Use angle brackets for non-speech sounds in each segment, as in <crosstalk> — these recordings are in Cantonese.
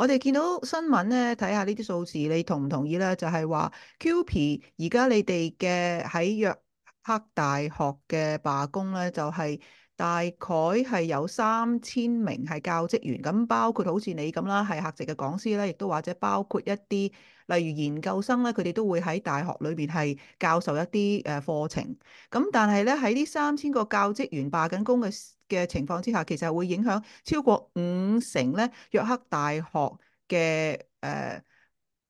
我哋見到新聞咧，睇下呢啲數字，你同唔同意咧？就係話，CUPE 而家你哋嘅喺約克大學嘅罷工咧，就係、是、大概係有三千名係教職員，咁包括好似你咁啦，係客席嘅講師咧，亦都或者包括一啲例如研究生咧，佢哋都會喺大學裏邊係教授一啲誒課程。咁但係咧，喺呢三千個教職員罷緊工嘅嘅情況之下，其實會影響超過五成咧，約克大學嘅誒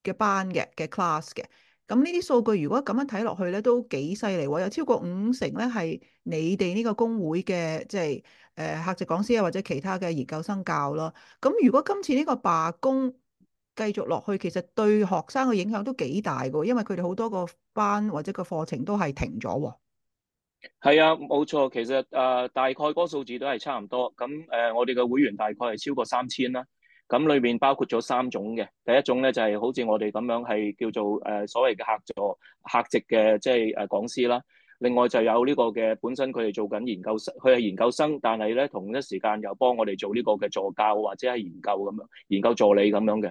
嘅班嘅嘅 class 嘅。咁呢啲數據如果咁樣睇落去咧，都幾犀利喎。有超過五成咧係你哋呢個工會嘅，即係誒客席講師啊，或者其他嘅研究生教咯。咁如果今次呢個罷工繼續落去，其實對學生嘅影響都幾大嘅，因為佢哋好多個班或者個課程都係停咗喎。係啊，冇錯，其實誒、呃，大概嗰數字都係差唔多。咁誒、呃，我哋嘅會員大概係超過三千啦。咁裏面包括咗三種嘅，第一種咧就係、是、好似我哋咁樣係叫做誒、呃、所謂嘅客座客席嘅即係誒講師啦。另外就有呢個嘅本身佢哋做緊研究生，佢係研究生，但係咧同一時間又幫我哋做呢個嘅助教或者係研究咁樣研究助理咁樣嘅。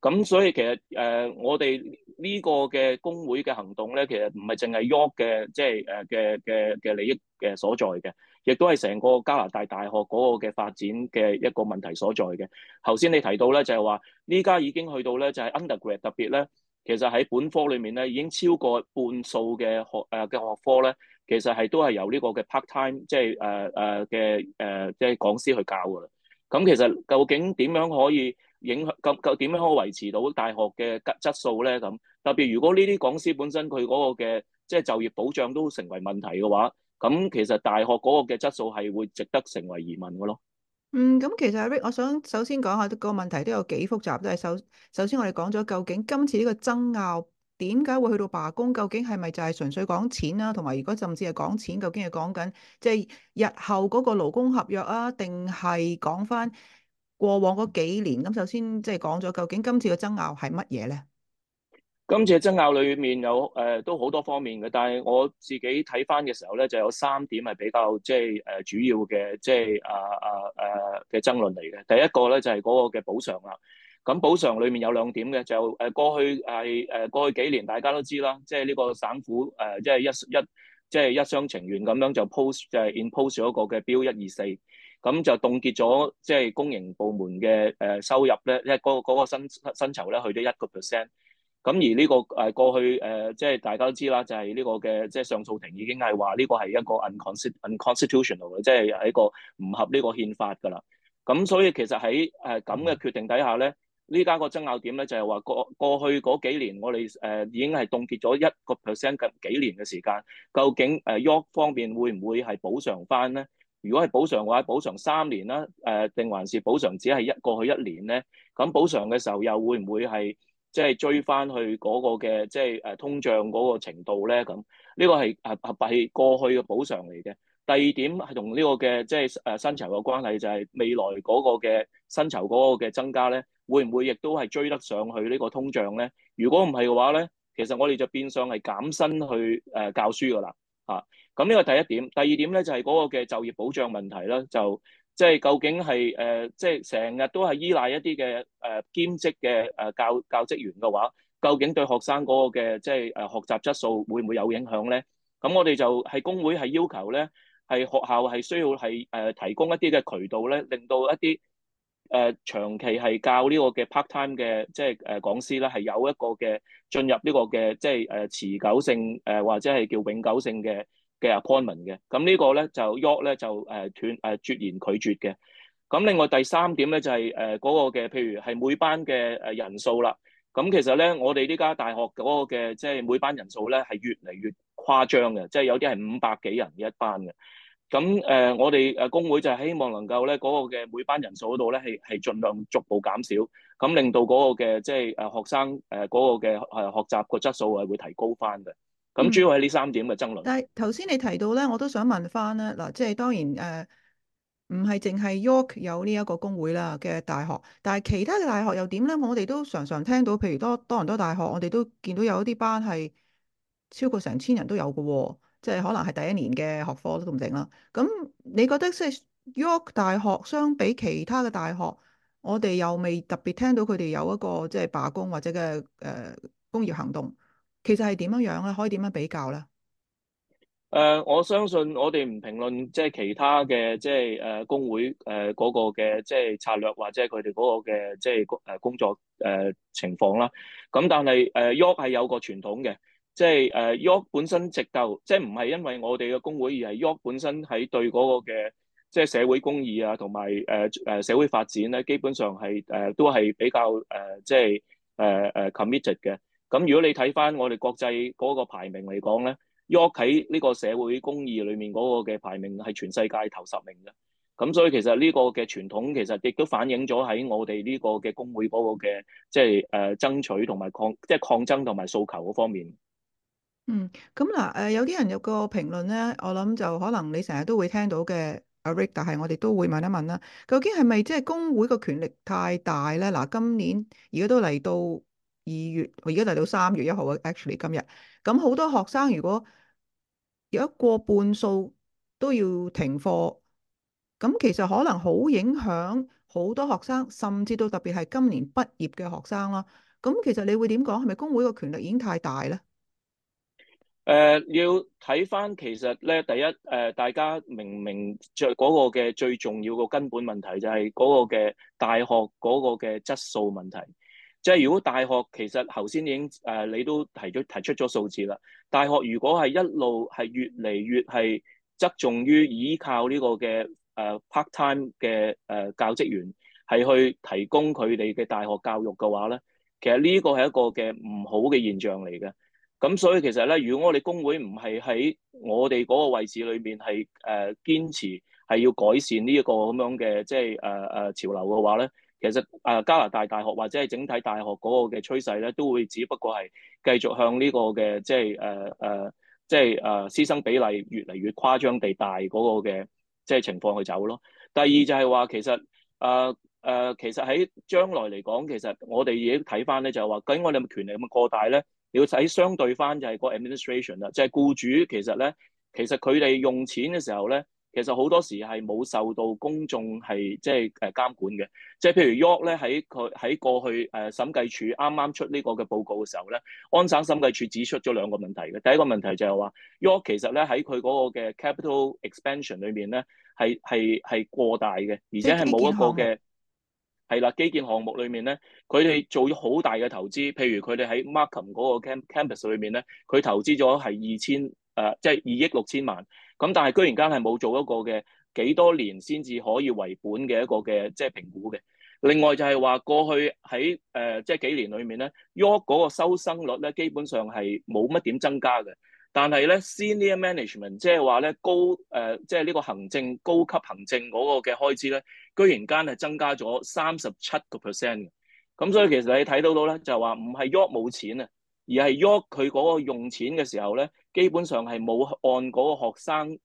咁所以其實誒，uh, 我哋呢個嘅工會嘅行動咧，其實唔係淨係 York 嘅，即係誒嘅嘅嘅利益嘅所在嘅，亦都係成個加拿大大學嗰個嘅發展嘅一個問題所在嘅。頭先你提到咧，就係話呢家已經去到咧，就係、是、Undergrad 特別咧，其實喺本科裏面咧，已經超過半數嘅學誒嘅、啊、學科咧，其實係都係由呢個嘅 part-time 即、就、係、是、誒誒、uh, 嘅、uh, 誒、uh, 嘅、uh, 講師去教噶啦。咁其實究竟點樣可以影響，咁咁點樣可以維持到大學嘅質質素咧？咁特別如果呢啲講師本身佢嗰個嘅即係就業保障都成為問題嘅話，咁其實大學嗰個嘅質素係會值得成為疑問嘅咯。嗯，咁其實阿 Rick，我想首先講下個問題都有幾複雜，都係首首先我哋講咗究竟今次呢個爭拗點解會去到罷工？究竟係咪就係純粹講錢呀？同埋如果甚至係講錢，究竟係講緊即係日後嗰個勞工合約啊，定係講返？過往嗰幾年，咁首先即係講咗，究竟今次嘅爭拗係乜嘢咧？今次嘅爭拗裏面有誒、呃，都好多方面嘅，但係我自己睇返嘅時候咧，就有三點係比較即係誒主要嘅，即係啊啊誒嘅爭論嚟嘅。第一個咧就係、是、嗰個嘅補償啦。咁補償裏面有兩點嘅，就誒過去係誒、呃、過去幾年大家都知啦，即係呢個省府誒，即、呃、係、就是、一一即係、就是、一廂、就是、情願咁樣就 post 就係 impose 咗個嘅 Bill 124。咁就凍結咗，即係公營部門嘅誒收入咧，即係嗰嗰個薪薪酬咧，去咗一個 percent。咁而呢個誒過去誒，即係大家都知啦，就係呢個嘅即係上訴庭已經係話呢個係一個 unconstitutional 嘅，即係喺個唔合呢個憲法噶啦。咁所以其實喺誒咁嘅決定底下咧，呢家個爭拗點咧就係話過過去嗰幾年我哋誒已經係凍結咗一個 percent 咁幾年嘅時間，究竟誒 York 方面會唔會係補償翻咧？如果係補償嘅話，補償三年啦，誒定還是補償只係一過去一年咧？咁補償嘅時候又會唔會係即係追翻去嗰個嘅即係誒通脹嗰個程度咧？咁呢個係合合係過去嘅補償嚟嘅。第二點係同呢個嘅即係誒薪酬嘅關係，就是，就係未來嗰個嘅薪酬嗰個嘅增加咧，會唔會亦都係追得上去呢個通脹咧？如果唔係嘅話咧，其實我哋就變相係減薪去誒教書噶啦。啊，咁呢個第一點，第二點咧就係嗰個嘅就業保障問題啦，就即係究竟係誒，即係成日都係依賴一啲嘅誒兼職嘅誒教教職員嘅話，究竟對學生嗰個嘅即係誒學習質素會唔會有影響咧？咁我哋就係工會係要求咧，係學校係需要係誒提供一啲嘅渠道咧，令到一啲誒、呃、長期係教呢個嘅 part time 嘅，即係誒、呃、講師咧，係有一個嘅進入呢個嘅，即係誒、呃、持久性誒、呃、或者係叫永久性嘅嘅 appointment 嘅。咁、嗯這個、呢個咧就 York 咧就誒斷誒絕然拒絕嘅。咁、嗯、另外第三點咧就係誒嗰個嘅，譬如係每班嘅誒人數啦。咁、嗯、其實咧，我哋呢家大學嗰個嘅即係每班人數咧係越嚟越誇張嘅，即係有啲係五百幾人一班嘅。咁誒，我哋誒工會就係希望能夠咧，嗰個嘅每班人數嗰度咧，係係儘量逐步減少，咁令到嗰個嘅即係誒學生誒嗰個嘅誒學習個質素係會提高翻嘅。咁主要係呢三點嘅爭論。嗯，但係頭先你提到咧，我都想問翻咧嗱，即係當然誒，唔係淨係 York 有呢一個工會啦嘅大學，但係其他嘅大學又點咧？我哋都常常聽到，譬如多多倫多大學，我哋都見到有一啲班係超過成千人都有嘅喎。即係可能係第一年嘅學科都唔定啦。咁你覺得即係 York 大學相比其他嘅大學，我哋又未特別聽到佢哋有一個即係罷工或者嘅誒工業行動，其實係點樣樣咧？可以點樣比較咧？誒、呃，我相信我哋唔評論即係其他嘅即係誒工會誒嗰個嘅即係策略或者佢哋嗰個嘅即係誒工作誒、呃、情況啦。咁但係誒、呃、York 係有個傳統嘅。即係誒 York 本身直鬥，即係唔係因為我哋嘅工會，而係 York 本身喺對嗰個嘅即係社會公義啊，同埋誒誒社會發展咧，基本上係誒、呃、都係比較誒即係誒誒 committed 嘅。咁如果你睇翻我哋國際嗰個排名嚟講咧，York 喺呢 <noise> 個社會公義裡面嗰個嘅排名係全世界頭十名嘅。咁所以其實呢個嘅傳統其實亦都反映咗喺我哋呢個嘅工會嗰個嘅即係誒爭取同埋抗即係、就是、抗爭同埋訴求嗰方面。嗯，咁嗱，誒、呃，有啲人有個評論咧，我諗就可能你成日都會聽到嘅，Eric，、啊、但係我哋都會問一問啦。究竟係咪即係工會個權力太大咧？嗱、呃，今年而家都嚟到二月，而家嚟到三月一號啊，actually 今日，咁好多學生如果有一過半數都要停課，咁其實可能好影響好多學生，甚至到特別係今年畢業嘅學生啦。咁其實你會點講？係咪工會個權力已經太大咧？誒、呃，要睇翻，其實咧，第一誒、呃，大家明明着嗰個嘅最重要個根本問題就係嗰個嘅大學嗰個嘅質素問題，即係如果大學其實頭先已經誒、呃，你都提咗提出咗數字啦。大學如果係一路係越嚟越係側重於依靠呢個嘅誒、呃、part time 嘅誒、呃、教職員係去提供佢哋嘅大學教育嘅話咧，其實呢個係一個嘅唔好嘅現象嚟嘅。咁所以其實咧，如果我哋工會唔係喺我哋嗰個位置裏面係誒、呃、堅持係要改善呢一個咁樣嘅即係誒誒潮流嘅話咧，其實誒、呃、加拿大大學或者係整體大學嗰個嘅趨勢咧，都會只不過係繼續向呢個嘅即係誒誒即係誒師生比例越嚟越誇張地大嗰個嘅即係情況去走咯。第二就係話其實誒誒、呃呃、其實喺將來嚟講，其實我哋已經睇翻咧就係話，究竟我哋嘅權力咁過大咧？你要睇相對翻就係個 administration 啦，就係僱主其實咧，其實佢哋用錢嘅時候咧，其實好多時係冇受到公眾係即係誒監管嘅。即係譬如 York 咧喺佢喺過去誒審計署啱啱出呢個嘅報告嘅時候咧，安省審計署指出咗兩個問題嘅。第一個問題就係話 York 其實咧喺佢嗰個嘅 capital expansion 裏面咧係係係過大嘅，而且係冇一個嘅。嗯係啦，基建項目裏面咧，佢哋做咗好大嘅投資。譬如佢哋喺 Markham 嗰個 campus 裏面咧，佢投資咗係二千誒，即係二億六千萬。咁但係居然間係冇做一個嘅幾多年先至可以回本嘅一個嘅即係評估嘅。另外就係話過去喺誒即係幾年裏面咧，York 嗰個收生率咧基本上係冇乜點增加嘅。但係咧，senior management 即係話咧高誒，即係呢個行政高級行政嗰個嘅開支咧。居然間係增加咗三十七個 percent 嘅，咁所以其實你睇到到咧，就話唔係約冇錢啊，而係約佢嗰個用錢嘅時候咧，基本上係冇按嗰個學生誒、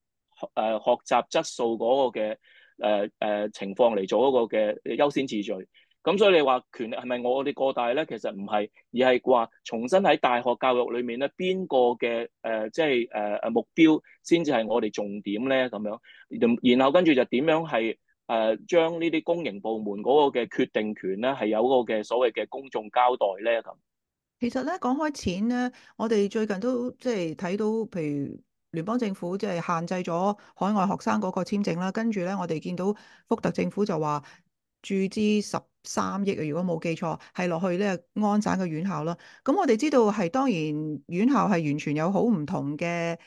呃、學習質素嗰個嘅誒誒情況嚟做一個嘅優先次序。咁所以你話權力係咪我哋過大咧？其實唔係，而係話重新喺大學教育裏面咧，邊個嘅誒即係誒誒目標先至係我哋重點咧咁樣。然後跟住就點樣係？誒將呢啲公營部門嗰個嘅決定權咧，係有個嘅所謂嘅公眾交代咧咁。其實咧，講開錢咧，我哋最近都即係睇到，譬如聯邦政府即係限制咗海外學生嗰個簽證啦。跟住咧，我哋見到福特政府就話注資十三億，如果冇記錯，係落去呢個安省嘅院校咯。咁我哋知道係當然院校係完全有好唔同嘅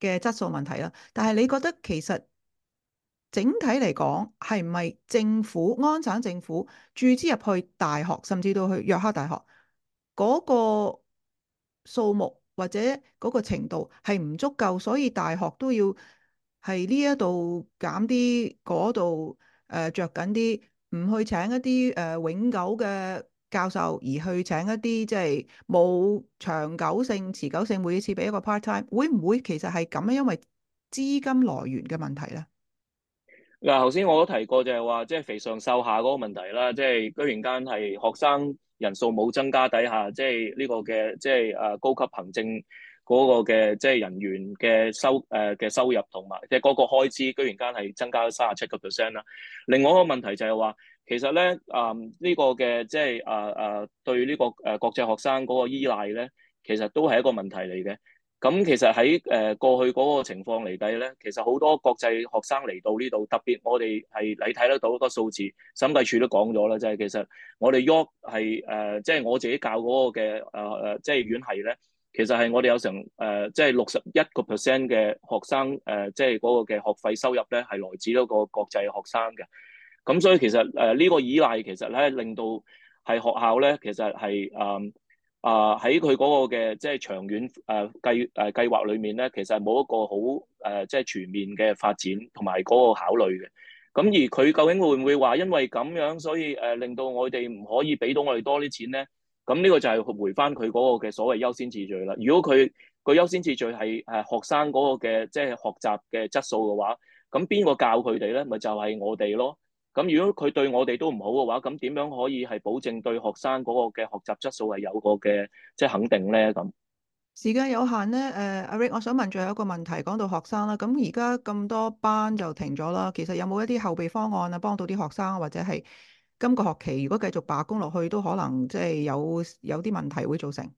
嘅質素問題啦。但係你覺得其實？整體嚟講，係咪政府安省政府注資入去大學，甚至到去約克大學嗰個數目或者嗰個程度係唔足夠，所以大學都要係呢一度減啲，嗰度誒着緊啲，唔去請一啲誒永久嘅教授，而去請一啲即係冇長久性、持久性，每一次俾一個 part time，會唔會其實係咁咧？因為資金來源嘅問題咧。嗱，頭先我都提過就係話，即係肥上瘦下嗰個問題啦，即係居然間係學生人數冇增加底下，即係呢個嘅即係誒高級行政嗰個嘅即係人員嘅收誒嘅收入同埋即係嗰個開支，居然間係增加咗三十七個 percent 啦。另外一個問題就係話，其實咧誒呢個嘅即係誒誒對呢個誒國際學生嗰個依賴咧，其實都係一個問題嚟嘅。咁其實喺誒過去嗰個情況嚟睇咧，其實好多國際學生嚟到呢度，特別我哋係你睇得到個數字，審計處都講咗啦，就係、係、其實我哋 York 係即係我自己教嗰、嗰個嘅誒誒，即、呃、係、就係、院系咧，其實係我哋有成誒，即係六十一個 percent 嘅學生誒，即係嗰個嘅學費收入咧係來自嗰個國際學生嘅。咁所以其實誒呢、呃呢個依賴其實咧，令到係學校咧，其實係誒。呃啊，喺佢嗰個嘅即係長遠誒計誒計劃裏面咧，其實係冇一個好誒即係全面嘅發展同埋嗰個考慮嘅。咁而佢究竟會唔會話因為咁樣，所以誒令到我哋唔可以俾到我哋多啲錢咧？咁呢個就係回返佢嗰個嘅所謂優先次序啦。如果佢個優先次序係誒學生嗰個嘅即係學習嘅質素嘅話，咁邊個教佢哋咧？咪就係我哋咯。咁如果佢對我哋都唔好嘅話，咁點樣可以係保證對學生嗰個嘅學習質素係有個嘅即係肯定咧？咁時間有限咧，誒，uh, 阿 Rick，我想問最後一個問題，講到學生啦，咁而家咁多班就停咗啦，其實有冇一啲後備方案啊，幫到啲學生或者係今個學期如果繼續罷工落去，都可能即係有有啲問題會造成。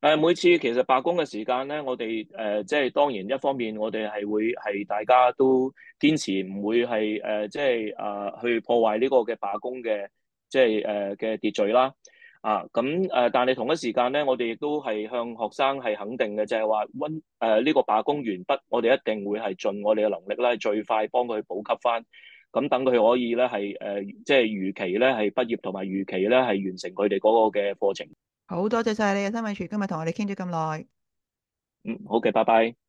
誒，每次其實罷工嘅時間咧，我哋誒、呃、即係當然一方面我，我哋係會係大家都堅持唔會係誒、呃、即係啊、呃、去破壞呢個嘅罷工嘅即係誒嘅秩序啦。啊，咁誒，但係同一時間咧，我哋亦都係向學生係肯定嘅，就係話温誒呢個罷工完畢，我哋一定會係盡我哋嘅能力咧，最快幫佢補給翻，咁等佢可以咧係誒即係如期咧係畢業同埋如期咧係完成佢哋嗰個嘅課程。好多謝晒你呀，新會廚今日同我哋傾咗咁耐。嗯，好嘅，拜拜。